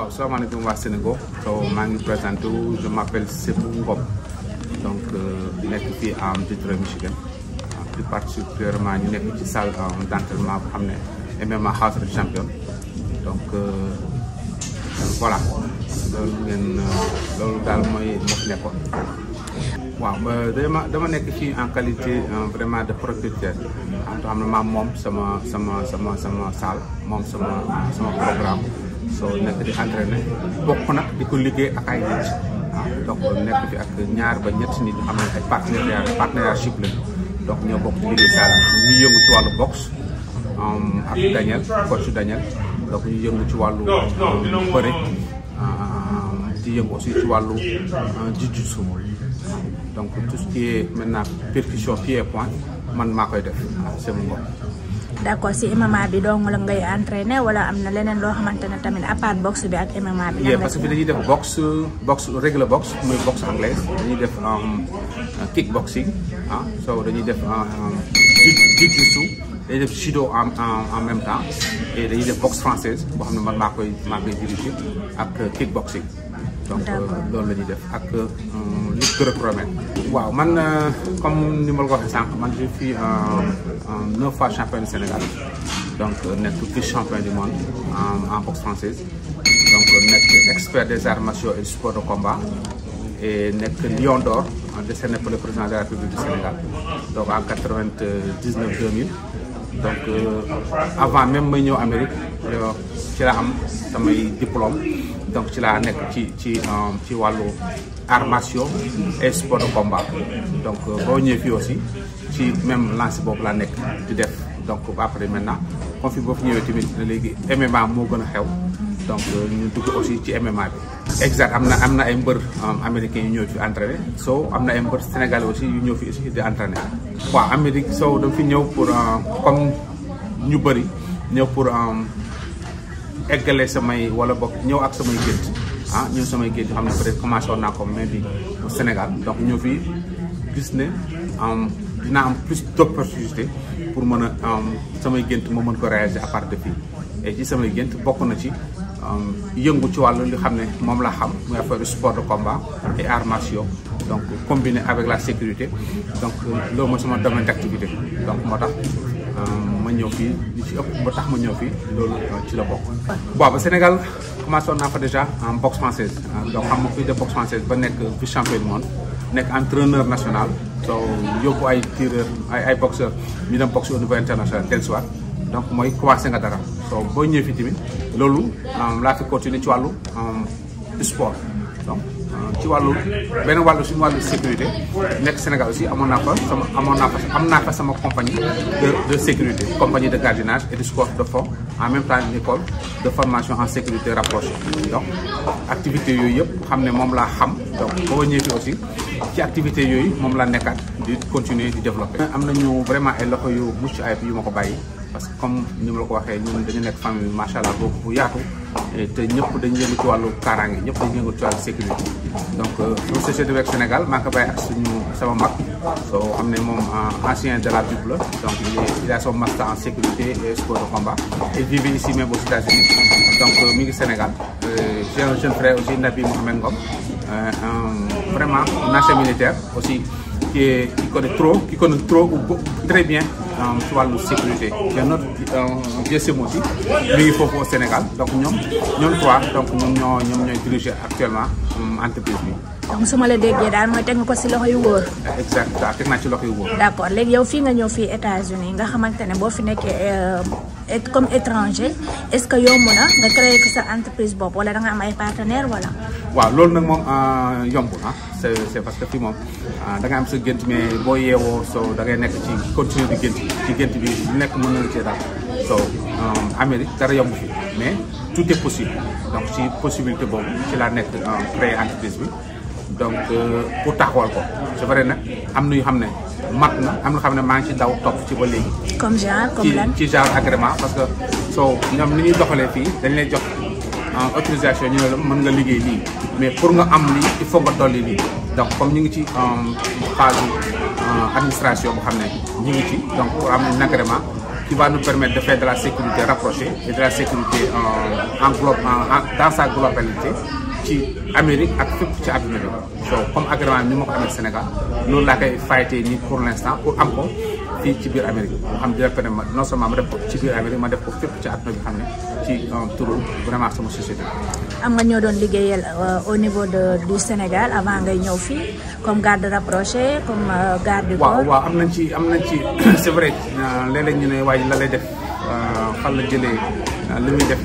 waaw salaamaaleykum waa Sénégal so maa ngi présenté wu je m'appelle Sépou Ngom donc euh, nekk fii à Detroit Michigan di particulièrement ngi nekk ci salle euh, d'entraînement bu xam ne MMA House of Champion donc euh, voilà loolu ngeen loolu daal mooy moo nekkoon waaw dama nekk fii en qualité vraiment de producteur en tout xam ne maam moom sama sama sama sama salle moom sama sama programme soo nekk di entraîné bokk nag di ko liggéey ak ay nit ah donc nekk fi ak ñaar ba ñett nit ñu xam ne ay partenaires partenariatship lañu donc ñoo bokk ci liggéey saal ñu yëngu ci wàllu boxe ak ci wàllu bëri di yëngu ci wàllu euh, ah, euh, jiu-jitsu donc tout ce qui est maintenant percussion pied et point man maa koy def c'est d'accord si MMA bi dong la ngay entraîner wala am na leneen loo xamante ne tamit à part boxe bi ak MMA bi. lan parce que dañuy def boxe boxe règle muy boxe anglaise dañuy def um, uh, kick boxing ah so dañuy def uh, um, jiu-jitsu dañuy def judo en en même temps et dañuy def boxe française boo xam ne man maa koy maa koy diriger ak kick boxing. donc euh, loolu la ñuy def ak. Um, Touré Promet waaw man euh, comme ni ma la ko waxee sànq man je suis euh, neuf fois champion Sénégal donc euh, nekk vice champion du monde en en boxe donc nekk expert des arts martiaux et sport de combat et nekk Lion d'or décerné par le président de la République du Sénégal donc en quatre-vingt-dix-neuf deux mille donc avant même may ñëw Amérique ci laa am samay diplôme donc ci laa nekk ci ci ci wàllu. armation et sport de combat donc euh, boo ñëwee fi aussi ci même lance boobu laa nekk di def donc après maintenant comme fi boo fi ñëwee tamit léegi MMA moo gën a xew donc euh, ñu dugg aussi ci MMA bi. exact am na am na ay mbër américains yu ñëw fi entraîné soo am na ay mbër aussi yu ñëw fi aussi di entraîné. waaw Amérique soo dama fi ñëw pour euh, comme ñu bëri ñëw pour eggale samay wala bokk ñëw ak samay gént. ah ñun samay géej yoo xam ne peut être commencé woon naa ko mais di Sénégal donc gis ne dinaa am plus d'opportunité pour mën a samay gént ma mën ko réaliser à part de fii et ci samay bokk na ci yëngu ci wàllu li xam ne moom laa xam muy affaire sport de combat et arts martiaux donc combiné avec la sécurité donc loolu mooy sama domaine d'activité donc moo tax ma ñëw fii li ci ëpp ba tax ma ñëw fii loolu ci la bokk waaw Sénégal commencé woon naa fa déjà en boxe française ah, donc xam nga fii de boxe ba nekk vice champion du nekk entraîneur national soo yóbbu ay tireur ay ay boxeur ñu dem boxe au niveau international tel soir donc mooy commencé nga dara soo boo ñëwee fii tamit loolu ah, laa fi continuer ci wàllu ah, sport donc ci wàllu benn wàllu suñu wàllu sécurité nekk Sénégal aussi amoon naa fa sama amoon naa am naa sama compagnie de de sécurité compagnie de gardiennage et de sport de fond en même temps une école de formation en sécurité rapprochée donc activité yooyu yëpp xam ne moom laa xam donc boo ñëwee aussi ci activité yooyu moom laa nekkaat di continuer di développer. am nañu vraiment ay loxo yu mucc ayib yu ma ko bàyyi parce que comme ni ma la ko waxee ñun dañu nekk famille macha allah boobu bu yaatu. te ñëpp dañu yëngu ci wàllu kaaraange ñëpp dañu yëngu ci wàllu sécurité donc euh, société du Wec Sénégal maa ngi ko bàyyi ak suñu sama mag soo xam ne moom euh, ancien de la BIB la donc il a son master en sécurité et sport de combat il vivait ici même aux euh, mi ngi Sénégal j'ai un jeune frère aussi Nabi Mohamed Ngom vraiment un militaire aussi qui est qui connaît trop qui connaît trop très bien ci wàllu sécurité te notre vieux Semo bi mi ngi foofu Sénégal donc ñoom ñoom trois donc ñoom ñoo ñoom ñooy diriger actuellement euh, entreprise bi. suma su ma la déggee daal mooy teg nga ko si loxo yu wóor. exact teg naa ci loxo yu wóor. d' léegi yow fii nga ñëw fii États-Unis nga xamante ne boo fi nekkee. Euh, comme étranger est-ce que yow mën a nga créer ko sa entreprise boobu wala da nga am ay partenaire wala. waaw loolu nag moom ah, yomb ah c'est c'est parce que fii moom ah, da nga am sa gént mais boo yeewoo soo da ngay nekk ci continuer di gént ci gént bi lu nekk mën na la cee daal soo ah, Amérique dara yomb fi mais tout est possible donc ci possibilité boobu ci laa nekk créer entreprise bi donc euh, pour taxawal ko c'est vrai nag am na yoo xam ne. mat na am na xam ne maa ngi ci daw topp ci ba léegi. comme genre comme lan ci genre agrément parce que soo ñoom li ñuy doxalee fii dañ lay jox ah, autorisation ñu ne la mën nga liggéey lii mais pour nga am lii il faut nga dolli donc comme ñu ngi ci xaasu ah, ah, administration boo xam ne ñu ngi ci donc pour am un agrément qui va nous permettre de faire de la sécurité rapprochée et de la sécurité en en dans sa globalité. ci Amérique ak fépp ci àdduna bi so comme agrément ni ma ko amee Sénégal loolu laa koy faytee nii pour l' instant pour am ko fii ci biir Amérique moo xam dina pene ma non seulement ma def ko ci biir Amérique def ko fépp ci àdduna bi xam ne ci turu vraiment société am nga ñoo doon liggéeyal euh, au niveau de du Sénégal avant ngay ñëw fii comme garde rapproché comme euh, garde du corps waaw waaw am nañ ci am nañ ci c' est vrai euh, léeg-léeg ñu ne waaye la lay def fan la jëlee li muy def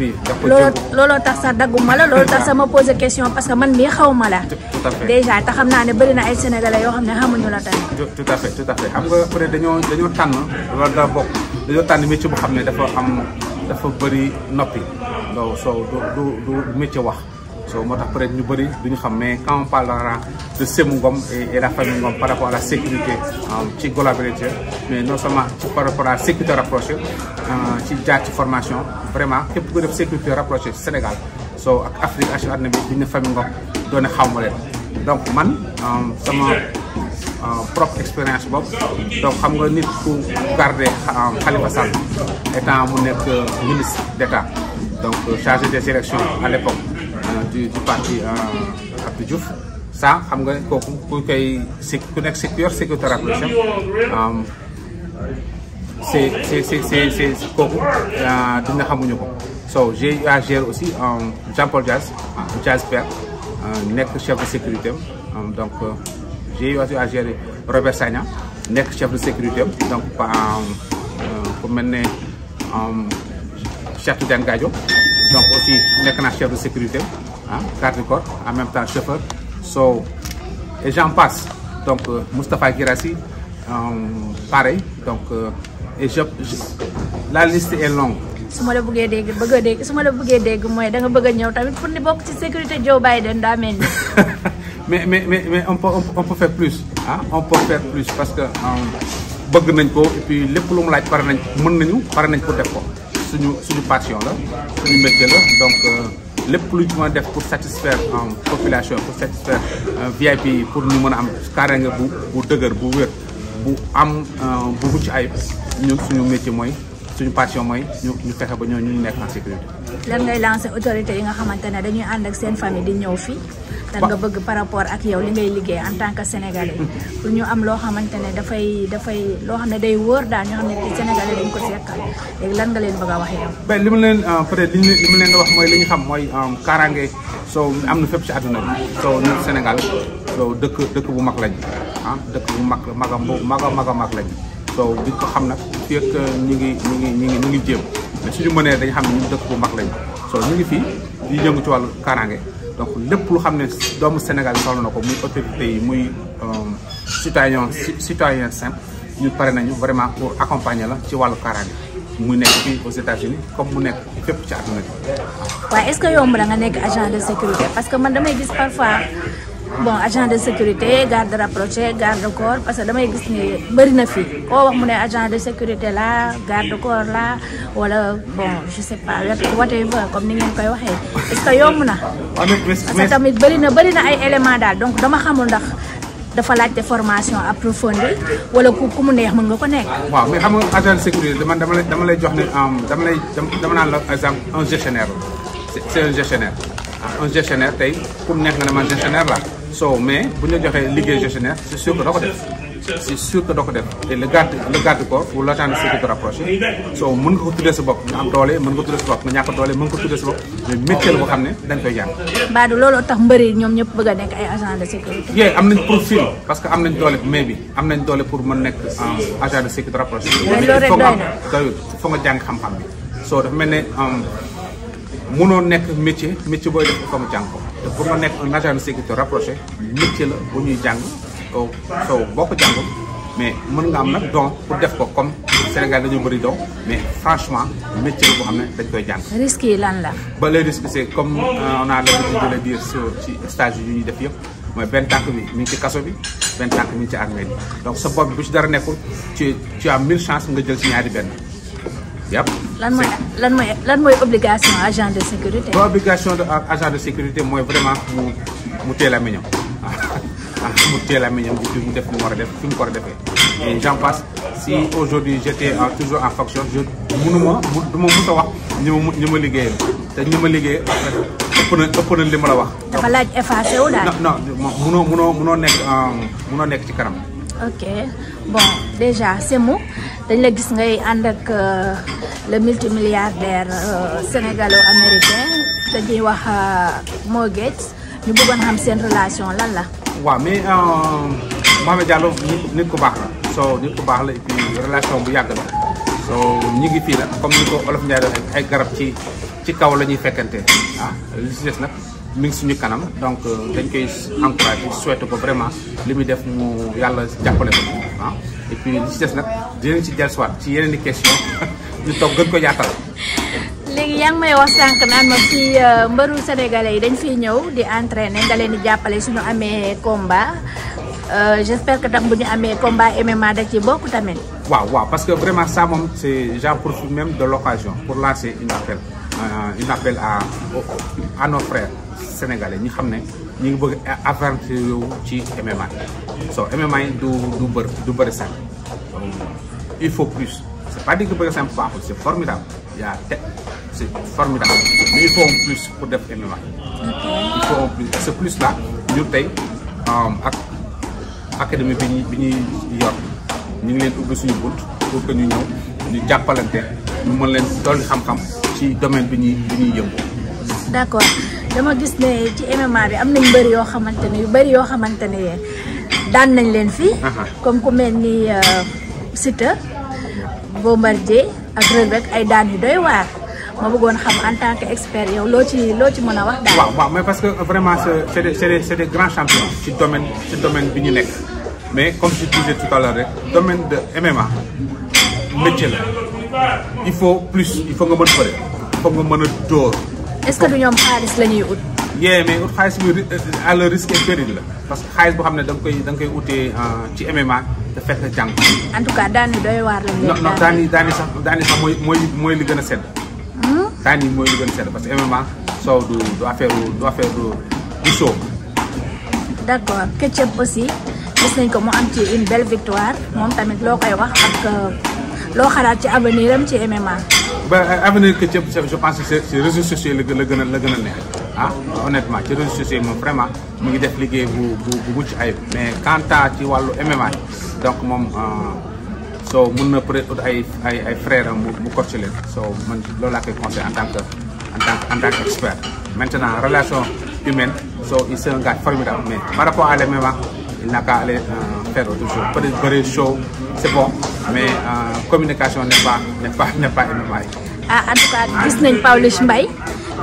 looloo tax sax dagguma la loolu tax ma posé question parce que ma mii xaw ma la. tout à déjà te xam naa ne bëri na ay sénégalais yoo xam ne xamuñu la tamit. tout à fait tout à fait xam nga peut dañoo dañoo tànn loolu daa bokk dañoo tànn métier bu xam ne dafa am dafa bëri noppi loolu soo du du du métier wax. so moo tax peut ñu bëri du ñu xam mais quand on parlera de Semou Ngom et la famille Ngom par rapport à la sécurité euh, ci globalité mais non seulement ci par rapport à la sécurité rapprochée euh, ci jaar ci formation vraiment képp ku def sécurité rapprochée Sénégal so ak Afrique ak àdduna bi duñ ne famille Ngom doone xawma leen donc man euh, sama propre expérience boobu donc xam nga nit ku garder Khalifa Sall étant mu nekk ministre d' état donc chargé des élections à l' du du parti Abdou Diouf ça xam nga kooku ku koy si ku nekk si yor psychothérapie c'est c'est c'est c'est kooku ah, xamuñu ko so j'ai à gérer aussi Jean-Paul Diaz ah, Diaz père ah, nekk chef de sécurité donc euh, j'ai eu à gérer Robert nekk chef de sécurité donc euh, ku mel ne Cheikh Tidiane Gadio donc nekk naa chef de sécurité hein, Cardicorp, en même temps chauffeur. So, et j'en passe. Donc, euh, Mustafa Girassi, euh, Donc, euh, et je, la liste est long su ma la buggee dégg bëgg dégg su ma la bëggee dégg mooy da nga bëgg ñëw tamit pour ni bokk ci sécurité Joe Biden daa mel ni. mais mais mais mais on peut on peut faire plus on peut faire plus parce que euh, bëgg nañ ko et lépp lu mu laaj pare nañ mën nañu pare nañ ko def ko suñu suñu passion la suñu métier la donc. Euh, lépp lu ñu mën def pour satisfaire en um, population pour satisfaire euh, VIP yi pour ñu mën a am kaaraange bu bu dëgër bu wér bu am euh, bu mucc ayib ñun suñu métier mooy suñu passion mooy ñu ñu ba ñoo ñu nekk en sécurité. lan ngay lancer autorité yi nga xamante ne dañuy ànd ak seen famille di ñëw fii. tan nga bëgg par rapport ak yow li ngay liggéey en tant que sénégalais. pour ñu am loo xamante ne dafay dafay loo xam ne day wóor daal ñoo xam ne sénégalais dañ ko sekkal lan nga leen bëgg a wax yow. ben li mu leen euh, peut-être li mu leen di wax mooy li ñu xam mooy euh, kaaraange soow am na fépp ci àdduna bi soo ñun Sénégal soo dëkk dëkk bu mag lañ ah dëkk bu mag mag a mag a mag a mag soow di ko xam nag fii ak euh, ñi ngi ñi ngi ñi ngi ñi ngi jéem mais suñu mënee dañ xam ne ñun dëkk bu mag lañu soo ñu ngi fii di yëngu ci wàllu kaaraange donc lépp lu xam ne doomu Sénégal soxla na ko muy autorité yi muy citoyen euh, citoyen simple ñu pare nañu vraiment pour accompagner la ci wàllu kaaraange mu nekk fii aux États-Unis comme mu nekk fépp ci àdduna bi. waaw est-ce que yomb na nekk agent de sécurité parce que man damay gis parfois. bon agent de sécurité garde rapproché garde corps parce que damay gis nii bëri na fi koo wax mu ne agent de sécurité la garde corps la wala bon je sais pas whatever comme ni ngeen koy waxee est que yomb na parce que tamit bëri na bëri na ay éléments daal donc dama xamul ndax dafa laaj laajte formation approfondie wala ku ku mu neex mën nga ko nekk. waaw mais xam agent de sécurité dama dama lay dama lay jox ne dama naan la exemple un gestionnaire c'est un gestionnaire un gestionnaire tey ku mu man la soow mais bu ñu la joxee liggéey gestionnaire c' est sûr que doo ko def c' est sûr doo ko def te le garde le garde corps ou l' de sécurité rapproché mën nga ko tuddee sa bopp nga am doole mën nga ko tuddee sa bopp nga ñàkk doole mais ñëpp bëgg a nekk nañ doole mais bi am nañ doole pour mën nekk agent de sécurité rapproché. mais loolu nga jàng xam-xam bi soo dafa mel ne um, mënoo nekk métier métier booy def ko mu jàng ko te pour nga nekk un agent de sécurité rapproché métier la bu ñuy jàng boo ko jàngul mais mën nga am nag don pour def ko comme Sénégal dañoo bëri don mais franchement métier la boo xam ne dañ koy jàng. risques yi lan la. ba les risques c' comme euh, on a l'habitude de le dire sur ci stage yu ñuy def yëpp mooy benn tànk bi mi ngi ci kaso bi benn tànk mi ci armée bi donc sa bopp bi bu ci dara nekkul ci tu as mille chance nga jël ci ñaari benn. yàpp lan mooy lan mooy lan mooy obligation agent de sécurité. obligation de agent de sécurité mooy vraiment mu mu mi a meññam mu teel a meññam bi mu def mu war a def fi mu ko war a defee. et j'en passe si aujourd'hui j'étais toujours en fonction je mënuma du ma mën mu wax ñi ma ñi ma liggéeyal te ñi ma liggéey ëpp na ëpp na li ma la wax. dafa laaj effacé wu daal. non non mënoo mënoo mënoo nekk mënoo nekk ci kanam. ok. bon déjà Semou dañ la gis ngay ànd ak euh, le multimilliardaire euh, sénégalo-américain te ñuy wax euh, Mo Gates ñu bëggoon xam seen relation lan la. waaw mais Mohamed Diallo nit ku baax la soo nit ku baax la et relation bu yàgg la soo ñu ngi fii la comme ni ko Olof Ndiaye waxee ay garab ci ci kaw la ñuy fekkante ah mi ngi suñu kanam donc euh, dañ koy encouragé souhaité ko vraiment li muy def mu yàlla jàppale ko ah et puis ci des ci yeneen di question ñu toog gën ko yaatal. léegi yaa may wax sànq naan ma ci euh, mbëru sénégalais yi dañ fiy ñëw di entraîner nga leen di jàppale suñu amee combat euh, j'espère que tam bu ñu amee combat MMA da ci bokk tamit. waaw waaw parce que vraiment ça moom c'est j'en profite même de l'occasion pour lancer une appel une appel à à nos sénégalais ñi xam ne ñu ngi bëgg aventure yow ci MMA so MMA yi du du du bëri simple il faut plus c'est pas dire que bëri simple baaxul yaa te c'est formidable mais il faut en plus pour def MMA il faut en plus ce plus là ñu tey ak académie bi ñuy bi ñu ngi leen ubbi suñu bunt pour que ñu ñëw ñu jàppalante ñu mën leen dolli xam-xam ci domaine bi ñuy bi ñuy dama gis ne ci MMA bi am nañ mbëri yoo xamante ne yu bëri yoo xamante ne daan nañ leen fi. comme ku mel ni euh, Siteu Bombardier ak Reug Reug ay daan yu doy waar. ma bëggoon xam en tant que expert yow loo ci loo ci mën a wax daal. waaw waaw mais parce que vraiment c' est des c' est des c' est champions. ci domaine ci domaine bi ñu nekk. mais comme je disais tout rek domaine de MMA métier la il faut plus il faut nga mën a bëre nga mën a dóor. est-ce que du ñoom xaalis la ut. yee mais ut xaalis bi à euh, le risque et la parce que xaalis boo xam ne da nga koy da euh, ci MMA te fekk jàng. en tout cas daan yu doy waar la. non non daan yi daan yi sax daan yi sax mooy mooy gën a sedd. Hmm? daan mooy li gën a sedd parce que MMA soow du du du affaire d'accord Ketchup aussi gis nañ ko mu am ci une belle victoire moom tamit loo koy wax ak euh, loo xalaat ci avenir am ci MMA. ba euh, avenir que je pense que ci sociaux la gën la gën a neex ah honnêtement sociaux moom vraiment mu ngi def liggéey bu bu bu mucc ayib mais quant à ci wàllu MMA donc moom euh, soo mun na peut ay ay ay frères am mu mu soo man loolu laa koy en tant que en tant en expert. maintenant relation humaine soo il c'est un gars formidable mais par rapport à l'MMA il n'a qu'à aller. Euh, faire autre chose peut-être bëri show c'est bon mais euh, communication n'est pas n'est pas n'est pas MMA yi ah en tout cas gis nañ Pawlish Mbaye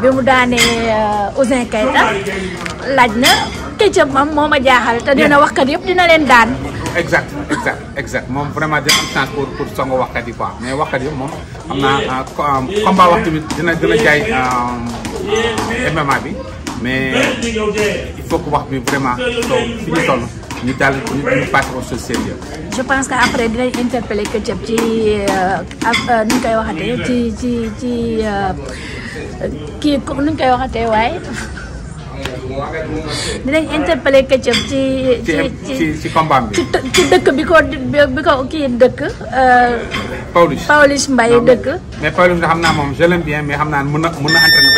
bi mu daanee euh, Ouzin Keita laaj na këccëg mam moo ma jaaxal te dina waxkat yëpp dina leen daan exact exact exact moom vraiment dina am chance pour pour songo waxkat yi quoi mais waxkat yëpp moom xam naa euh, combat wax tamit dina dina jaay MMA bi mais il faut que wax bi vraiment soo fi ñu toll ñu daal ñu passe aux choses sérieuses je pense que après dinañ interpeller Ketchup ci euh, euh, nu ñu koy waxatee ci ci ci euh, kii nu ñu koy waxatee waaye. dinañ interpeller Ketchup ci ci ci ci combat bi ci dëkk bi ko bi ko kii dëkk. Pawlish Pawlish Mbaye dëkk. mais Pawlish nga xam naa moom je l'aime bien mais xam naa mën na mën na entraîner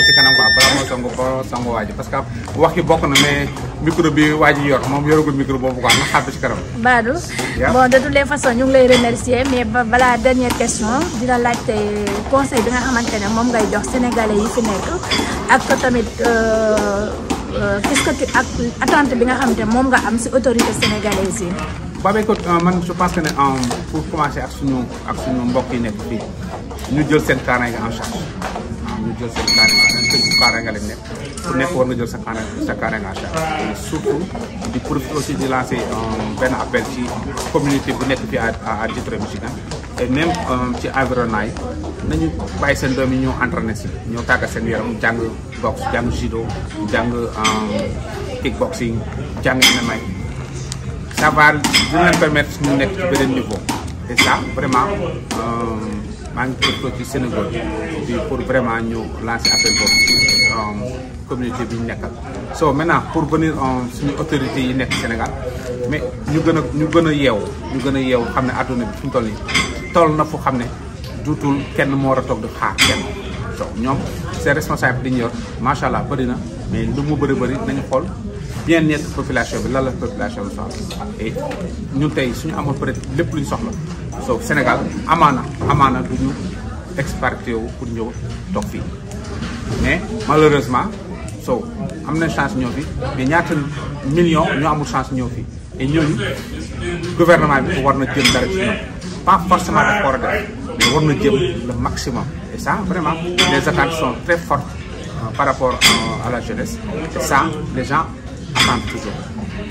moo song ba song waa parce que wax yi bokk na mais micro bi waa ji yor moom yoragul micro boobu quoi na xaar ci kanam. Badou bon de toutes les façons ñu ngi lay remercier mais balaa dernière question dina laajte conseil bi nga xamante ne moom ngay jox sénégalais yi fi nekk ak tamit. Euh, euh, qu'est-ce tu ak attente bi nga xam ne moom nga am ci autorité sénégalaise yi. Baba écoute euh, man je pense pour commencer ak suñu ak suñu mbokk yi nekk fii ñu jël seen terrain yi en charge ñu jël seen terrain kaaraange lañ nekk ku nekk war nga jël sa kaaraange sa kaaraange en charge di profiter aussi di lancer benn appel ci communauté bu nekk fii a à Détroit et même ci environnement yi nañu bàyyi seen doom yi ñoo entraîné si ñoo tàggat seen yaram jàng boxe jàng judo jàng kickboxing jàng MMA ça va dina leen permettre ñu nekk ci beneen niveau et ça vraiment. maa ngi profité ci Sénégal bi pour vraiment ñu lancer appel boobu um, communité bi ñu nekkal so maintenant pour venir um, suñu autorités yi nekk Sénégal mais ñu gën a ñu gën a yeewu ñu gën a yeewu xam ne adduna bi fu mu toll nii na fu xam ne duutul kenn moo war a toog di xaar kenn so ñoom seen responsable dañu yor macha allah bëri na mais lu mu bëri bëri nañu xool. bien-être population bi lan la population bi soxla et ñun tey suñu amoon peut-être lépp lu ñu soxla soo Sénégal amaana amaana du ñu expatrié wu pour ñëw toog fii mais malheureusement soo am nañ chance ñëw fi mais ñaata millions ñoo amul chance ñëw fi et ñooñu gouvernement bi war na jëm dara ci pas forcément daf ko a mais war na jëm le maximum et ça vraiment les attentes sont très fortes euh, par rapport euh, à la jeunesse et ça les gens 30 toujours.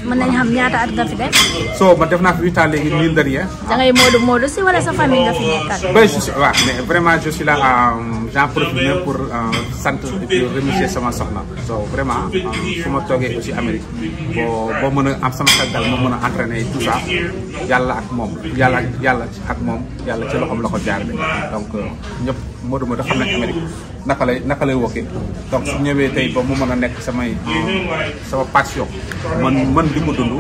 xam ñaata at nga fi def. so man def naa fi huit ans léegi mille derrière. da ngay Modou si wala sa famille nga fi nekkal. oui je suis waaw mais vraiment je suis là euh, j'en profite même pour euh, sant et puis sama soxna. soo vraiment euh, su ma toogee aussi Amérique boo boo mën a am sama xel daal ma mën a entraîner tout ça yàlla ak moom yàlla yàlla ak moom yàlla ci loxoom la ko jaar donc ñëpp. Modou Modou xam nañ Amérique naka lay naka lay wokkee donc su ñëwee tey ba mu mën a nekk samay sama passion man man li mu dund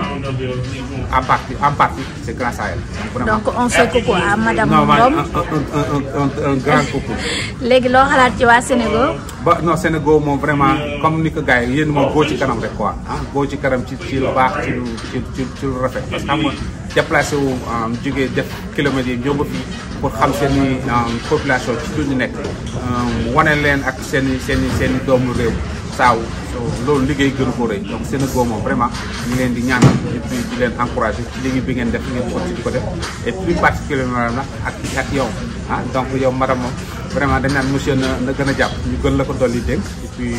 en partie en partie c' est grâce à elle. vraiment donc on fait coucou à madame Ngom non un un un léegi loo xalaat ci waa Sénégal. ba non Sénégal moom vraiment comme ni ko gars yi yéen moom boo ci kanam rek quoi ah ci karam ci ci lu baax ci lu rafet parce que xam nga déplacé wu ah, jógee def kilomètres yi ñëw ba pour xam seen i um, population ci lu ñu nekk um, wane leen ak seen i seen i seen i doomu réew saaw loolu liggéey gënu ko rëy donc Sénégal moom vraiment ñu leen di ñaanal di leen encouragé ci liggéey bi ngeen def ngeen continué di ko def et plus particulièrement nag ak yow ah donc yow madame moom vraiment dañ naan na gën a jàpp ñu gën la ko dolli dénk et puis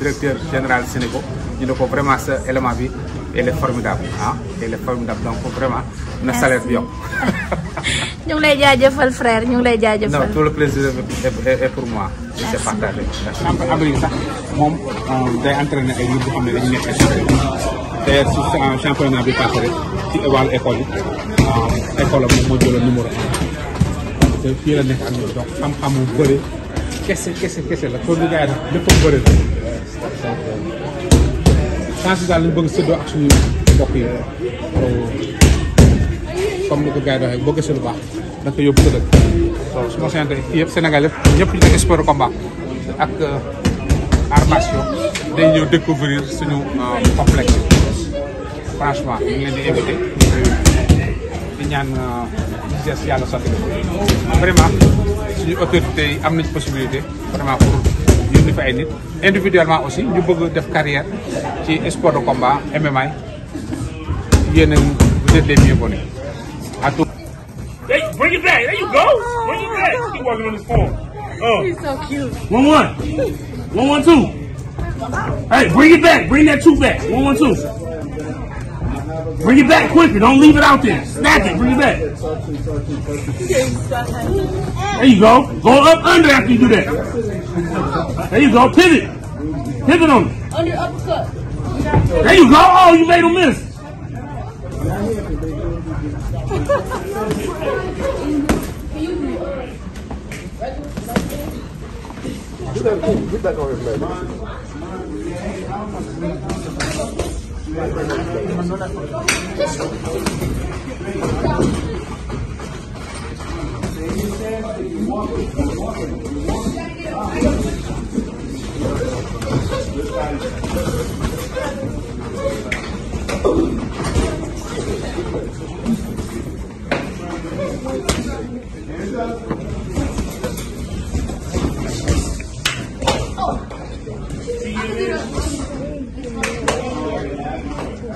directeur général Sénégal ñu ne ko vraiment sa élément bi elle est formidable ah elle est formidable donc vraiment na salaire bi yokk ñu ngi lay jaajëfal frère ñu ngi lay jaajëfal. non tout le plaisir est pour moi. merci c'est partagé. moom day entraîné ay nit boo xam ne dañu nekk ay d'ailleurs bi passé rek ci école yi ah, école am moom moo jëloon numéro te fii la nekk yëpp Sénégal yëpp ñëpp ñu sport combat ak euh, armation day ñëw découvrir suñu euh, complexe franchement ñu ngi leen di invité ñaan euh, geste yàlla sotti na vraiment suñu autorités yi am nañ possibilité vraiment pour fa ay individuellement aussi ñu bëgg def carrière ci sport de combat MMA yéen a vous êtes les mieux connus bring it back. There go. Bring it back. Keep working on this phone. Oh. He's so cute. One one. One bring it back. Bring it back quicker. Don't leave it out there. Snatch it. Bring it back. There you go. Go up under after you do that. you go. Pivot. Pivot on it. Under uppercut. you go. Oh, you made him miss. Hands up.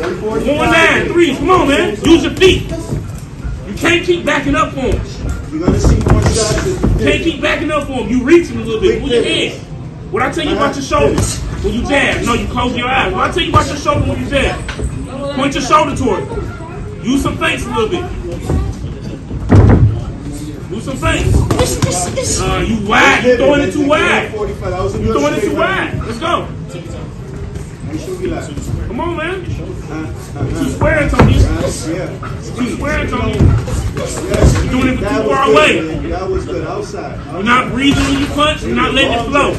One nine, three. Come on, man. Use your feet. You can't keep backing up on him. You're gonna see more shots. You can't keep backing up on him. You reaching a little bit with your hands. What I tell you about your shoulders when you jab? No, you close your eyes. What I tell you about your shoulder when you jab? Point your shoulder toward it. Use some feints a little bit. Do some feints. Uh, you wide. You throwing it too wide. You throwing it too wide. Let's go. Come on, man. Keep swearing, Tony. Keep swearing, Tony. You're doing it from too far away. That was good outside. You're not breathing when you punch. You're not letting it flow.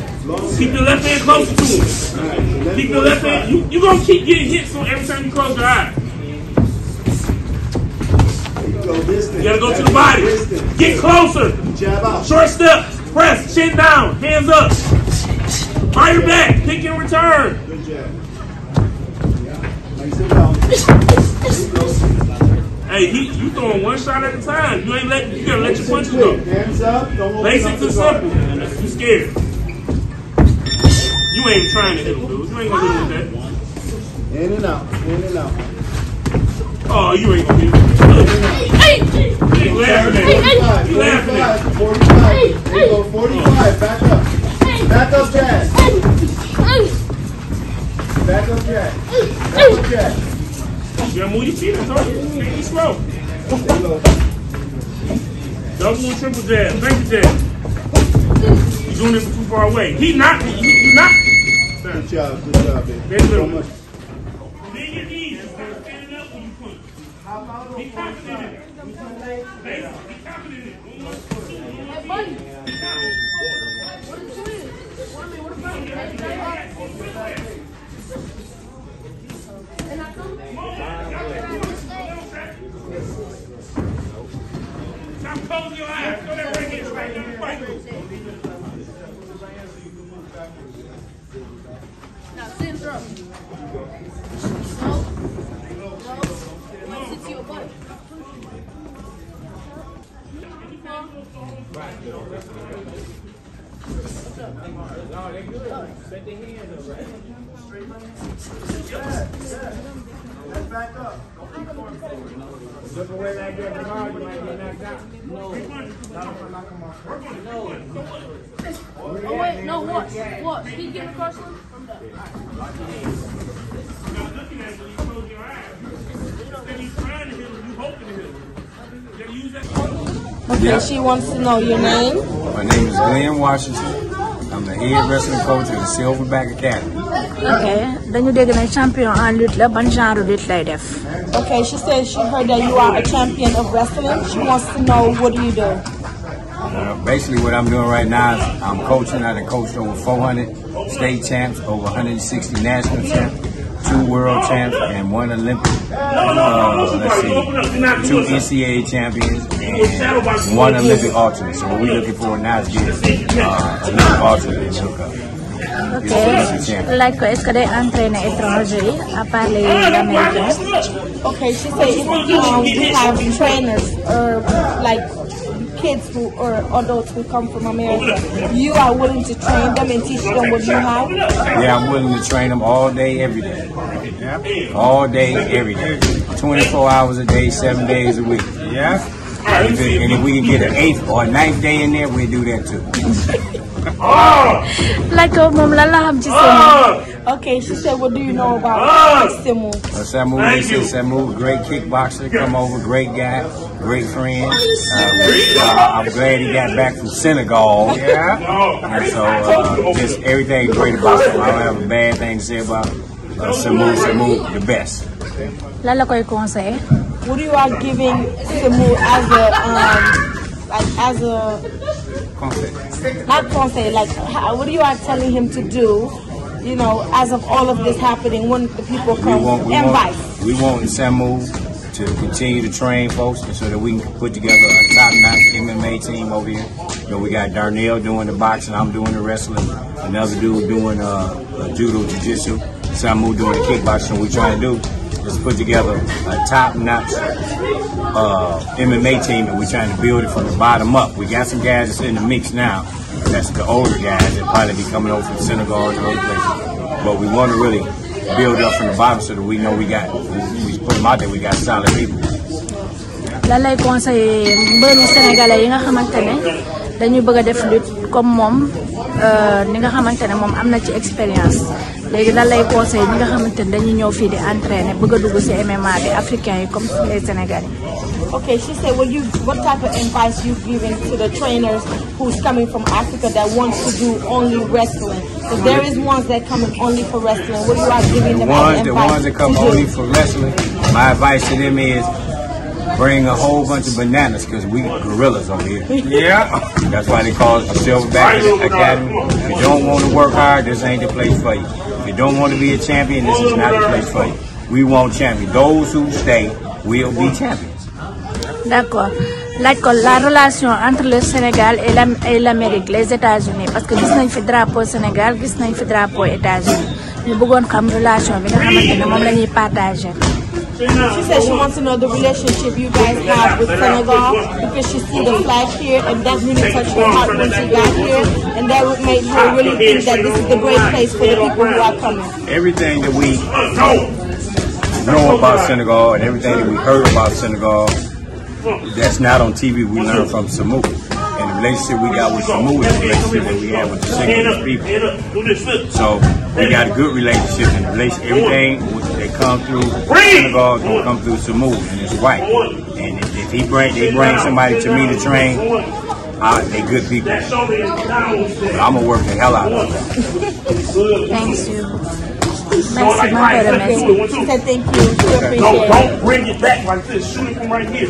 Keep your left hand closer to him. Keep your left hand. You you gonna keep getting hit. So every time you close your eye. You gotta go to the body. Get closer. Short steps. Press. Chin down. Hands up. Fire back. Pick and return. Hey, he, you throwing one shot at a time. You ain't let you gotta let your punches go. Hands up. Don't Basic and simple. You scared. You ain't trying to hit him, dude. You ain't gonna hit him with that. In and out. In and out. Oh, you ain't gonna hit him. Hey, hey. You laughing at me. You laughing at me. 45. 45. Hey, hey. 45. Back up. Back up, Jack. Back up, Jack. Back up, Jack. Your moody feet, I told you. Take this rope. Double and triple jab. Thank you, jab. You're doing this from too far away. He not. He, you not. Good job. Good job, man. Thank you so much. Look away like that tomorrow, you might get knocked out. No. No. Oh, wait, no, what? What? Can you get across him? You're looking at him, you close your eyes. Then he's trying to hit him, you hoping to hit him. Okay, yeah. she wants to know your name. My name is Glenn Washington. Head Wrestling Coach at Silverback Academy. ok dañu dégg ne champion en lutte la ban genre lutte lay def. ok she said she heard that you are a champion of wrestling she wants to know what do you do. Uh, basically what I'm doing right now is I'm coaching. I done coached over 400 state champs, over 160 national champs. two world champs, and one Olympic. Uh, let's see, two NCAA champions and one Olympic alternate. So what we're looking for now is get uh, Olympic alternate and hook up. Ok, like, est-ce que they entraîne étrangers à part les Américains? Ok, she said, um, we have trainers, uh, like kids who or adults who come from America, you are willing to train them and teach them what you have? Yeah, I'm willing to train them all day, every day. Yeah. All day, every day. 24 hours a day, seven days a week. Yeah. And if, it, and if we can get an eighth or a ninth day in there, we do that too. Oh. Lako, oh, mom, lala ham Okay, she said, what do you know about Samu? Uh, Samu is Samu, great kickboxer, come over, great guy, great friend. Uh, uh, I'm glad he got back from Senegal. Yeah. Oh. And so uh, just everything great about him. I don't have a bad thing to say about uh, Samu. Samu, the best. Lala koy conseil. What you are giving Samu as a um, like as a conseil? Not conseil. Like, how, what you are telling him to do? you know, as of all of this happening, when the people come we want, we and want, vice. We want SAMU to continue to train folks so that we can put together a top-notch MMA team over here. You know, we got Darnell doing the boxing, I'm doing the wrestling, another dude doing uh, judo, jiu-jitsu, Samu doing the kickboxing. What we're trying to do is put together a top-notch uh, MMA team, and we're trying to build it from the bottom up. We got some guys that's in the mix now, that's the older guys that probably be coming over from synagogues or other places. But we want to really build up from the bottom so that we know we got, we, we put them out there, we got solid people. lan lay conseiller mbëru sénégalais yi nga xamante ne dañuy bëgg a def lutte comme moom euh, ni nga xamante ne moom am na ci expérience léegi lan lay conseil ñi nga xamante ni dañuy ñëw fii di entraîner bëgg a dugg ci MMA bi africains yi comme les sénégalais. Okay, she said, well, you, what type of advice you giving to the trainers who's coming from Africa that wants to do only wrestling? Because there is ones that come only wrestling. What you the ones, ones that come only wrestling, bring a whole bunch of bananas because we gorillas over here. Yeah. That's why they call it the Silverback Academy. If you don't want to be a champion, this is not the place for We want champions. Those who stay will be champions. D'accord. la relation entre le Sénégal et l'Amérique, les États-Unis, parce que gis nañ fi drapeau Sénégal, gis nañ fi drapeau États-Unis. Ñu bëggoon xam relation bi nga xamante ne moom la ñuy partager. She said she wants to know the relationship you guys have with Senegal because she see the flag here and that really touched her heart when she got here and that would make her really think that this is the great place for the people who are coming. Everything that we know about Senegal and everything that we heard about Senegal that's not on TV we learn from Samu. And the relationship we got with Samu is the relationship that we have with the Senegalese people. So we got a good relationship and the relationship, everything that come through synagogue don't come through Samu, and it's white. And if, if, he bring, they bring somebody to me to train, uh, they good people. But I'm gonna work the hell out of them. Thanks, you. Maxi, my brother, Maxi. She said thank you. She appreciate no, it. Don't bring it back like this. Shoot it from right here.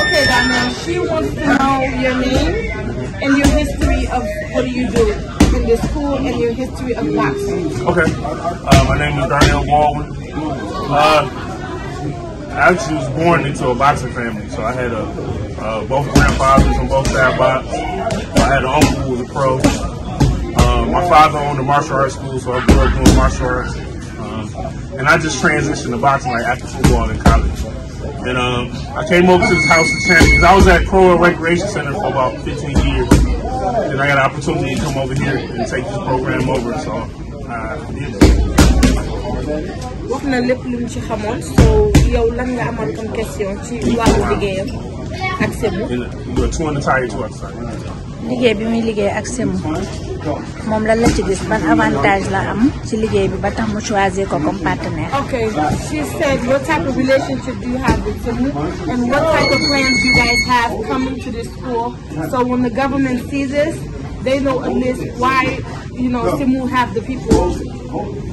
Okay, Donna. She wants to know your name and your history of what do you do in the school and your history of boxing. Okay. Uh, my name is Darnell Baldwin. Uh, I actually was born into a boxing family, so I had a uh, both grandfathers on both sides box. I had an uncle who was a pro. Uh, my father owned a martial arts school, so I grew up doing martial arts. Um, and I just transitioned to boxing like after football in college. And um, I came over to this House of Champions. I was at Crow Recreation Center for about 15 years. Then I got an opportunity to come over here and take this program over. So I did wax na lépp lu mu ci xamoon soo yow lan nga amal comme question ci wàllu liggéeyam ak Sémou. liggéey bi muy liggéey ak Sémou moom lan la ci gis ban avantage la am ci liggéey bi ba tax mu choisir ko comme partenaire. Okay, she said what type of relationship do you have with Sémou and what type of plans you guys have coming to this school so when the government sees this they know at least why you know Sémou have the people.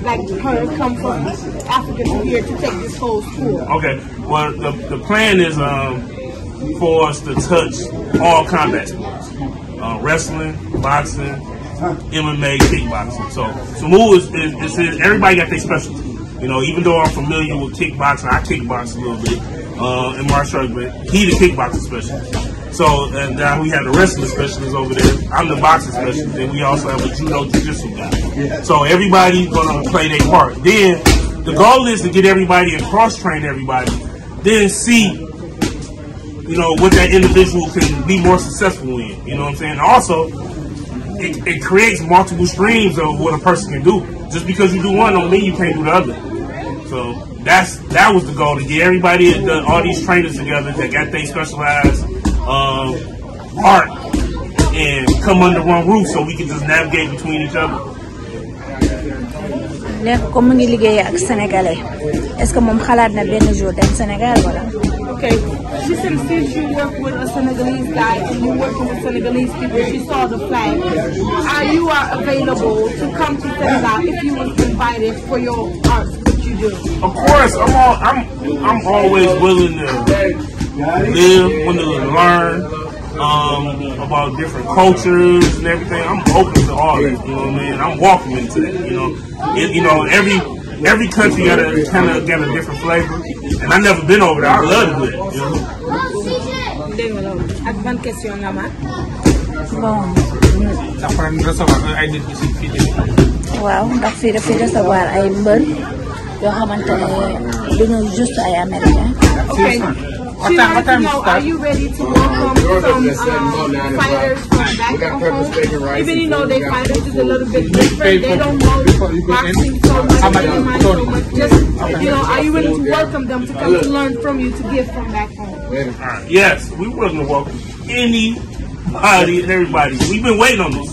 like her come from Africa here to take this whole tour? Okay. Well, the, the plan is um, for us to touch all combat sports. Uh, wrestling, boxing, MMA, kickboxing. So Samu is, is, is, everybody got their specialty. You know, even though I'm familiar with kickboxing, I kickboxing a little bit, uh, and martial arts, but he the kickboxing specialist. So, and now we had a wrestling specialist over there. I'm the boxing specialist, and we also have a judo jiu-jitsu guy. So everybody's gonna play their part. Then the goal is to get everybody and cross-train everybody. Then see you know, what that individual can be more successful in. You know what I'm saying? Also, it, it, creates multiple streams of what a person can do. Just because you do one don't mean you can't do the other. So that's that was the goal to get everybody, the, all these trainers together that got they specialized of art and come under one roof so we can just navigate between each other. nekk comme mu ngi liggéeyee ak sénégalais est-ce que moom xalaat na benn jour dem Sénégal wala. okay. She said since you work with a Senegalese guy and you work with Senegalese people, she saw the flag. Are you are available to come to Senegal if you was invited for your art? Could you do? Of course, I'm all I'm I'm always willing to live, willing to learn um, about different cultures and everything. I'm open to all that. You know what I mean? I'm walking into that. You know, it, you know every every country got a kind of got a different flavor, and I never been over there. I love it. You know. dégg nga loolu ak ban question nga ma. bon. ndax pare recevoir ay nit ñu si fii waaw ndax fii dafay recevoir ay mbër yoo xamante ne dañoo juste ay américain. What time, what time know, are you ready to welcome some um, fighters from back home? Even you know they fighters is a little bit different. They don't know boxing so much. They don't mind so much. Just, you know, are you ready to welcome them to come to learn from you, to give from back home? Yes, we willing to welcome anybody and everybody. We've been waiting on this.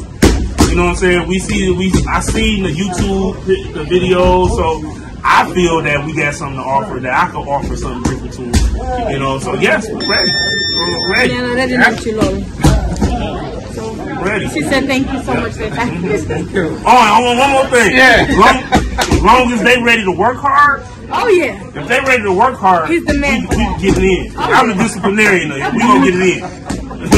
You know what I'm saying? We see, we I seen the YouTube, the videos, so I feel that we got something to offer that I could offer something different to them. You know, so yes, we're ready. We're ready. Yeah, that didn't take too long. Ready. She said thank you so yeah. much for mm-hmm. that. oh, I want one more thing. Yeah. Long, as long as they ready to work hard, Oh yeah. If they ready to work hard, he's the man. We, we getting in. Oh, I'm yeah. a disciplinarian. Like, we gonna get it in. like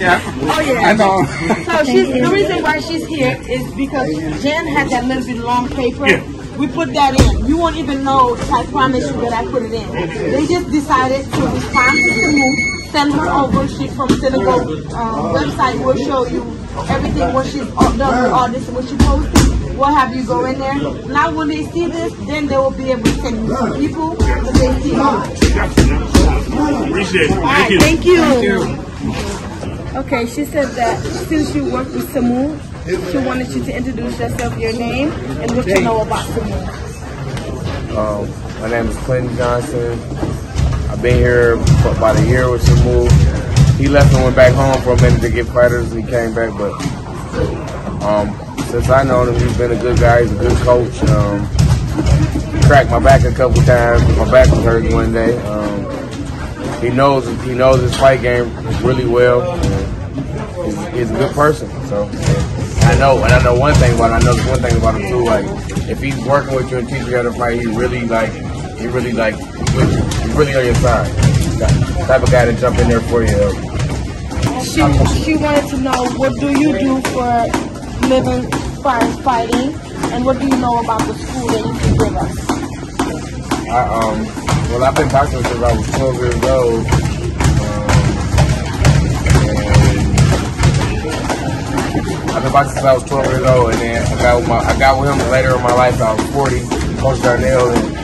yeah. Oh yeah. I know. So she's the reason why she's here is because Jen had that little bit long paper. Yeah. We put that in. You won't even know if I promise you that I put it in. They just decided to respond to the move, send her over. She from Senegal um, website will show you everything, what she's done all this, what she posted, what have you go in there. Now when they see this, then they will be able to send people that they see on. Appreciate it. All right, thank you. Thank you. Okay, she said that since you work with Samu, She wanted you to introduce yourself, your name, and what you know about Simone. Um, my name is Clinton Johnson. I've been here for about a year with Samu. He left and went back home for a minute to get fighters. He came back, but um, since I know him, he's been a good guy. He's a good coach. Um, cracked my back a couple times. My back was hurt one day. Um, he knows he knows his fight game really well. He's, he's, a good person. So. Yeah. I know, and I know one thing about him. I know one thing about him too. Like, if he's working with you and teaching you how to fight, he really like, he really like, he's really on your side. That type of guy to jump in there for you. She she wanted to know what do you do for living fire fighting, and what do you know about the school that you can give us? I um, well, I've been boxing since I was 12 years old. I've been boxing since I was 12 years old, and then I got with, my, I got with him later in my life. I was 40, Coach Darnell, and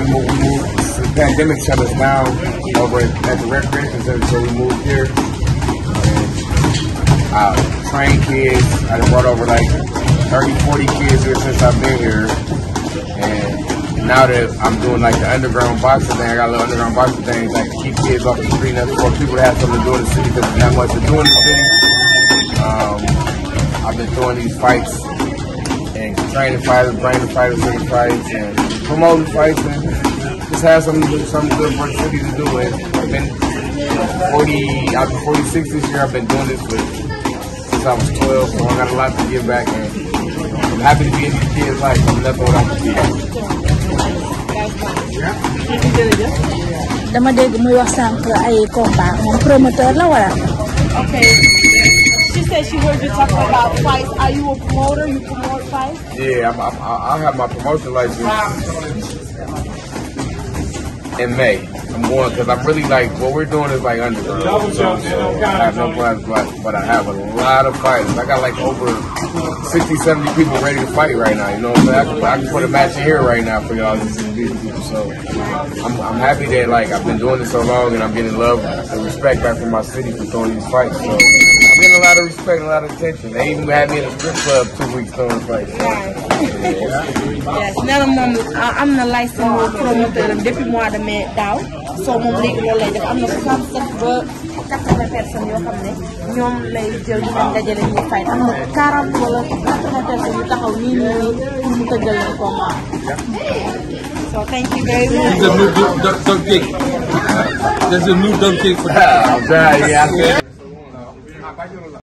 we moved, we moved. The pandemic shut us down over at the recreation center, so we moved here. And I uh, trained kids. I brought over like 30, 40 kids here since I've been here. And now that I'm doing like the underground boxing thing, I got a little underground boxing things like keep kids off the street and for people to have something to do in the city because there's not much to do in the city. Um, I've been throwing these fights and training fighters, bringing fighters to the fights and promoting fights and just have something to do, something good for the city to do. And I've been 40, I've been 46 this year. I've been doing this for, since I was 12, so I got a lot to give back. And I'm happy to be in these kids' life. I'm nothing without the kids. dama dégg muy wax sànq ay combat moom promoteur la wala. ok. said she heard you talking about fights. Are you a promoter? You promote fights? Yeah, I'm, I'm, i have my promotion license wow. in May. I'm going because I'm really like what we're doing is like underground. So, so I have no plans, but but I have a lot of fighters. I got like over 60, 70 people ready to fight right now. You know, so I, can, I can put a match here right now for y'all. So I'm, I'm happy that like I've been doing this so long and I'm getting love and respect back from my city for throwing these fights. So. I'm moom am na licence promoteur depuis mois de mais daaw soo moom léegi loolu lay def am na 67 ba 80 yoo xam ne ñoom lay jël ñu leen dajale am na 40 wala 80 personnes yu taxaw nii nii nii pour mu tëggal leen combat. thank you very much. It's a new dog bàyyi loolu la.